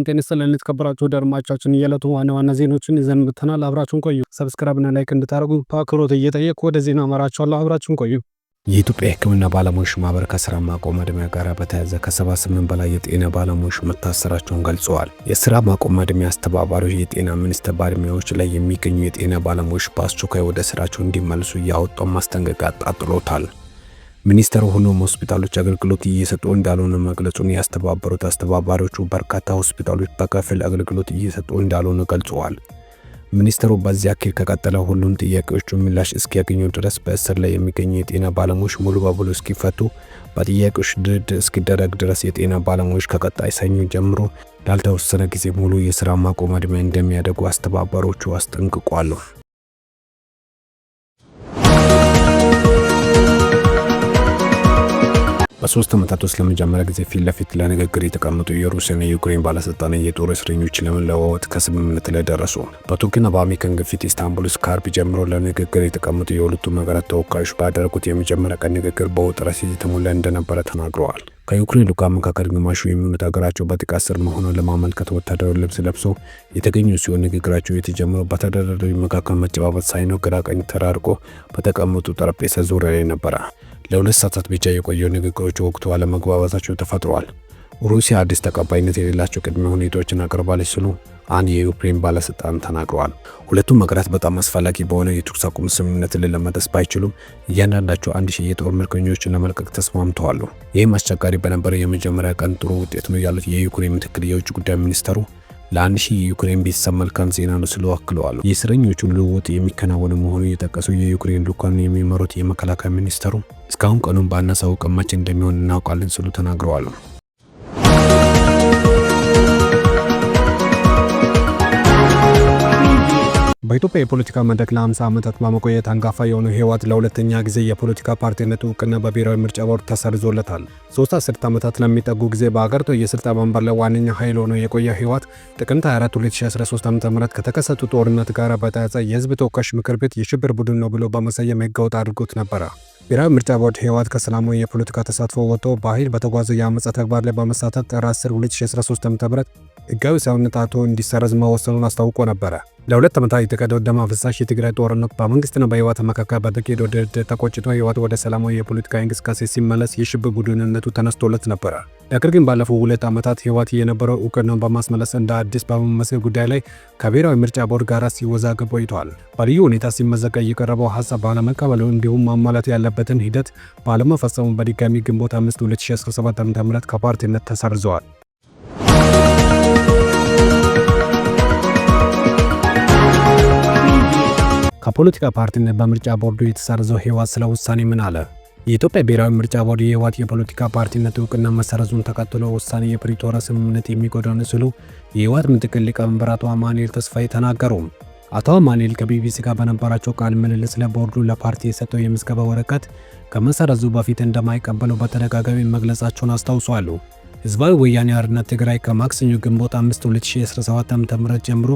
ሰላም ጤና ይስጥልን የተከበራችሁ አድማጮቻችን፣ የዕለቱ ዋና ዋና ዜናዎችን ይዘን ብተናል። አብራችሁን ቆዩ። ሰብስክራይብና ላይክ እንድታደርጉ በአክብሮት እየጠየቅኩ ወደ ዜና አመራችኋለሁ። አብራችሁን ቆዩ። የኢትዮጵያ የሕክምና ባለሙያዎች ማህበር ከስራ ማቆም አድማ ጋር በተያያዘ ከ78 በላይ የጤና ባለሙያዎች መታሰራቸውን ገልጸዋል። የስራ ማቆም አድማ አስተባባሪዎች የጤና ሚኒስቴር ባለሙያዎች ላይ የሚገኙ የጤና ባለሙያዎች በአስቸኳይ ወደ ስራቸው እንዲመልሱ እያወጣው ማስጠንቀቂያ አጣጥሎታል። ሚኒስተር ሆኖም ሆስፒታሎች አገልግሎት እየሰጡ እንዳልሆነ መግለጹን ያስተባበሩት አስተባባሪዎቹ በርካታ ሆስፒታሎች በከፊል አገልግሎት እየሰጡ እንዳልሆነ ገልጸዋል። ሚኒስተሩ በዚያ አኪል ከቀጠለ ሁሉም ጥያቄዎቹ ምላሽ እስኪያገኙ ድረስ በእስር ላይ የሚገኙ የጤና ባለሙያዎች ሙሉ በሙሉ እስኪፈቱ በጥያቄዎች ድርድር እስኪደረግ ድረስ የጤና ባለሙያዎች ከቀጣይ ሰኞ ጀምሮ ላልተወሰነ ጊዜ ሙሉ የስራ ማቆም አድማ እንደሚያደርጉ አስተባባሪዎቹ አስጠንቅቋሉ። በሶስት ዓመታት ውስጥ ለመጀመሪያ ጊዜ ፊት ለፊት ለንግግር የተቀመጡ የሩሲያና የዩክሬን ባለስልጣን የጦር እስረኞች ለመለዋወጥ ከስምምነት ላይ ደረሱ። በቱርክና በአሜሪካን ግፊት ኢስታንቡል ውስጥ ከአርብ ጀምሮ ለንግግር የተቀመጡ የሁለቱም ሀገራት ተወካዮች ባደረጉት የመጀመሪያ ቀን ንግግር በውጥረት የተሞላ እንደነበረ ተናግረዋል። ከዩክሬን ልዑካን መካከል ግማሹ የሚሆኑት ሀገራቸው በጥቃት ስር መሆኑን ለማመልከት ወታደራዊ ልብስ ለብሰው የተገኙ ሲሆን ንግግራቸው የተጀመረው በተደራዳሪዎች መካከል መጨባበት ሳይኖር ግራ ቀኝ ተራርቆ በተቀመጡ ጠረጴዛ ዙሪያ ላይ ነበረ። ለሁለት ሰዓታት ብቻ የቆየው ንግግሮች ወቅቱ አለመግባባታቸው ተፈጥሯል። ሩሲያ አዲስ ተቀባይነት የሌላቸው ቅድመ ሁኔታዎችን አቅርባለች ስሉ አንድ የዩክሬን ባለስልጣን ተናግረዋል። ሁለቱም ሀገራት በጣም አስፈላጊ በሆነ የተኩስ አቁም ስምምነትን ለመድረስ ባይችሉም እያንዳንዳቸው አንድ ሺህ የጦር ምርኮኞችን ለመልቀቅ ተስማምተዋል። ይህም አስቸጋሪ በነበረ የመጀመሪያ ቀን ጥሩ ውጤት ነው ያሉት የዩክሬን ምክትል የውጭ ጉዳይ ሚኒስተሩ ለአንድ ሺህ የዩክሬን ቤተሰብ መልካም ዜና ነው ስለው አክለዋል። የእስረኞቹን ልውውጥ የሚከናወኑ መሆኑን የጠቀሱ የዩክሬን ልዑካን የሚመሩት የመከላከያ ሚኒስተሩ እስካሁን ቀኑን ባናሳውቅ መቼ እንደሚሆን እናውቃለን ስሉ ተናግረዋል። በኢትዮጵያ የፖለቲካ መድረክ ለ50 ዓመታት በመቆየት አንጋፋ የሆነው ህወሓት ለሁለተኛ ጊዜ የፖለቲካ ፓርቲነት እውቅና በብሔራዊ ምርጫ ቦርድ ተሰርዞለታል። ሶስት አስርት ዓመታት ለሚጠጉ ጊዜ በአገሪቱ የስልጣን ወንበር ላይ ዋነኛ ኃይል ሆኖ የቆየ ህወሓት ጥቅምት 24 2013 ዓ ም ከተከሰቱ ጦርነት ጋር በተያያዘ የህዝብ ተወካዮች ምክር ቤት የሽብር ቡድን ነው ብሎ በመሰየም ህገወጥ አድርጎት ነበረ። ብሔራዊ ምርጫ ቦርድ ህወሓት ከሰላማዊ የፖለቲካ ተሳትፎ ወጥቶ በኃይል በተጓዘ የአመፃ ተግባር ላይ በመሳተፍ ጥር 10 2013 ዓ ም ህጋዊ ሰውነት አቶ እንዲሰረዝ መወሰኑን አስታውቆ ነበረ። ለሁለት ዓመታት የተካሄደው ደም አፋሳሽ የትግራይ ጦርነት በመንግስትና በህወሓት መካከል በተካሄደው ድርድር ተቋጭቶ ህወሓት ወደ ሰላማዊ የፖለቲካ እንቅስቃሴ ሲመለስ የሽብር ቡድንነቱ ተነስቶለት ነበረ። ነገር ግን ባለፈው ሁለት ዓመታት ህወሓት የነበረው እውቅናውን በማስመለስ እንደ አዲስ በመመሰል ጉዳይ ላይ ከብሔራዊ ምርጫ ቦርድ ጋር ሲወዛገብ ቆይቷል። በልዩ ሁኔታ ሲመዘገብ የቀረበው ሀሳብ ባለመቀበሉ እንዲሁም ማሟላት ያለበትን ሂደት ባለመፈጸሙ በድጋሚ ግንቦት 5 2017 ዓ ም ከፓርቲነት ተሰርዘዋል። ከፖለቲካ ፓርቲነት በምርጫ ቦርዱ የተሰረዘው ህወሓት ስለ ውሳኔ ምን አለ? የኢትዮጵያ ብሔራዊ ምርጫ ቦርድ የህወሓት የፖለቲካ ፓርቲነት እውቅና መሰረዙን ተከትሎ ውሳኔ የፕሪቶሪያ ስምምነት የሚጎዳ ነው ሲሉ የህወሓት ምክትል ሊቀመንበር አቶ አማኑኤል ተስፋዬ ተናገሩ። አቶ አማኑኤል ከቢቢሲ ጋር በነበራቸው ቃል ምልልስ ለቦርዱ ለፓርቲ የሰጠው የምዝገባ ወረቀት ከመሰረዙ በፊት እንደማይቀበለው በተደጋጋሚ መግለጻቸውን አስታውሷሉ። ህዝባዊ ወያኔ አርነት ትግራይ ከማክሰኞ ግንቦት 5 2017 ዓ.ም ጀምሮ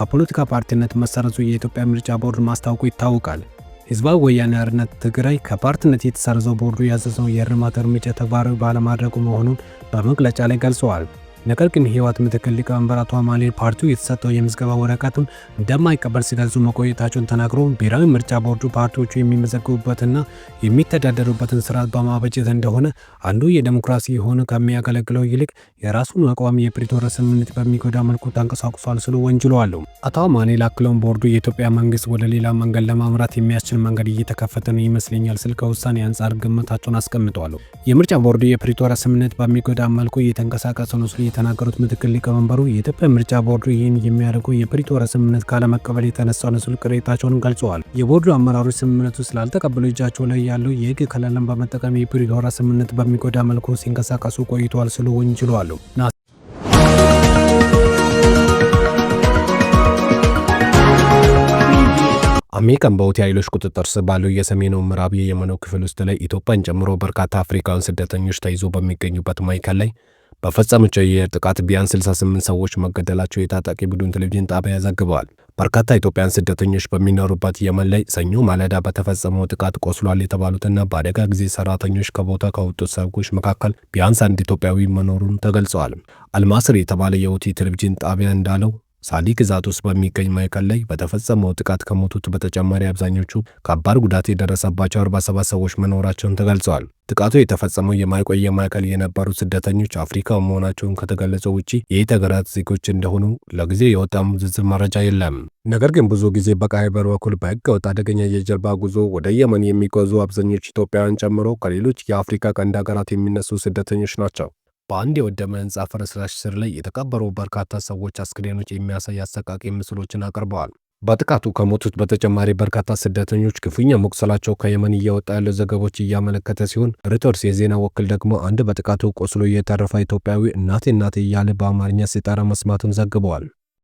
ከፖለቲካ ፓርቲነት መሰረዙ የኢትዮጵያ ምርጫ ቦርድ ማስታወቁ ይታወቃል። ህዝባዊ ወያኔ ሓርነት ትግራይ ከፓርቲነት የተሰረዘው ቦርዱ ያዘዘው የእርማት እርምጃ ተግባራዊ ባለማድረጉ መሆኑን በመግለጫ ላይ ገልጸዋል። ነገር ግን የህወሓት ምክትል ሊቀመንበር አቶ አማኑኤል ፓርቲው የተሰጠው የምዝገባ ወረቀቱን እንደማይቀበል ሲገልጹ መቆየታቸውን ተናግሮ ብሔራዊ ምርጫ ቦርዱ ፓርቲዎቹ የሚመዘገቡበትና የሚተዳደሩበትን ስርዓት በማበጀት እንደሆነ አንዱ የዴሞክራሲ የሆነ ከሚያገለግለው ይልቅ የራሱን አቋም የፕሪቶሪያ ስምምነት በሚጎዳ መልኩ ተንቀሳቅሷል ስሉ ወንጅለዋል። አቶ አማኑኤል አክለውን ቦርዱ የኢትዮጵያ መንግስት ወደ ሌላ መንገድ ለማምራት የሚያስችል መንገድ እየተከፈተ ነው ይመስለኛል ስል ከውሳኔ አንጻር ግምታቸውን አስቀምጠዋል። የምርጫ ቦርዱ የፕሪቶሪያ ስምምነት በሚጎዳ መልኩ እየተንቀሳቀሰ ነው የተናገሩት ምክትል ሊቀመንበሩ የኢትዮጵያ ምርጫ ቦርዱ ይህን የሚያደርገው የፕሪቶሪያ ስምምነት ካለመቀበል የተነሳ ነው ሲሉ ቅሬታቸውን ገልጸዋል። የቦርዱ አመራሮች ስምምነቱ ስላልተቀበሉ እጃቸው ላይ ያለው የህግ ከለላን በመጠቀም የፕሪቶሪያ ስምምነት በሚጎዳ መልኩ ሲንቀሳቀሱ ቆይተዋል ሲሉ ወንጅለዋል። አሜሪካን በሁቲ ኃይሎች ቁጥጥር ስር ባለው የሰሜኑ ምዕራብ የየመኑ ክፍል ውስጥ ላይ ኢትዮጵያን ጨምሮ በርካታ አፍሪካውያን ስደተኞች ተይዞ በሚገኙበት ማዕከል ላይ በፈጸመችው የአየር ጥቃት ቢያንስ 68 ሰዎች መገደላቸው የታጣቂ ቡድን ቴሌቪዥን ጣቢያ ዘግበዋል። በርካታ ኢትዮጵያን ስደተኞች በሚኖሩበት የመን ላይ ሰኞ ማለዳ በተፈጸመው ጥቃት ቆስሏል የተባሉትና በአደጋ ጊዜ ሰራተኞች ከቦታ ከወጡት ሰዎች መካከል ቢያንስ አንድ ኢትዮጵያዊ መኖሩን ተገልጸዋል። አልማስር የተባለ የውቲ ቴሌቪዥን ጣቢያ እንዳለው ሳሊ ግዛት ውስጥ በሚገኝ ማዕከል ላይ በተፈጸመው ጥቃት ከሞቱት በተጨማሪ አብዛኞቹ ከባድ ጉዳት የደረሰባቸው 47 ሰዎች መኖራቸውን ተገልጸዋል። ጥቃቱ የተፈጸመው የማይቆየ ማዕከል የነበሩ ስደተኞች አፍሪካ መሆናቸውን ከተገለጸው ውጪ የየት ሀገራት ዜጎች እንደሆኑ ለጊዜው የወጣ ዝርዝር መረጃ የለም። ነገር ግን ብዙ ጊዜ በቃይበር በኩል በሕገወጥ አደገኛ የጀልባ ጉዞ ወደ የመን የሚጓዙ አብዛኞቹ ኢትዮጵያውያን ጨምሮ ከሌሎች የአፍሪካ ቀንድ ሀገራት የሚነሱ ስደተኞች ናቸው። በአንድ የወደመ ህንፃ ፍርስራሽ ስር ላይ የተቀበሩ በርካታ ሰዎች አስክሬኖች የሚያሳይ አሰቃቂ ምስሎችን አቅርበዋል። በጥቃቱ ከሞቱት በተጨማሪ በርካታ ስደተኞች ክፉኛ መቁሰላቸው ከየመን እየወጣ ያለው ዘገቦች እያመለከተ ሲሆን ሪቶርስ የዜና ወኪል ደግሞ አንድ በጥቃቱ ቆስሎ የተረፈ ኢትዮጵያዊ እናቴ እናቴ እያለ በአማርኛ ሲጠራ መስማቱን ዘግበዋል።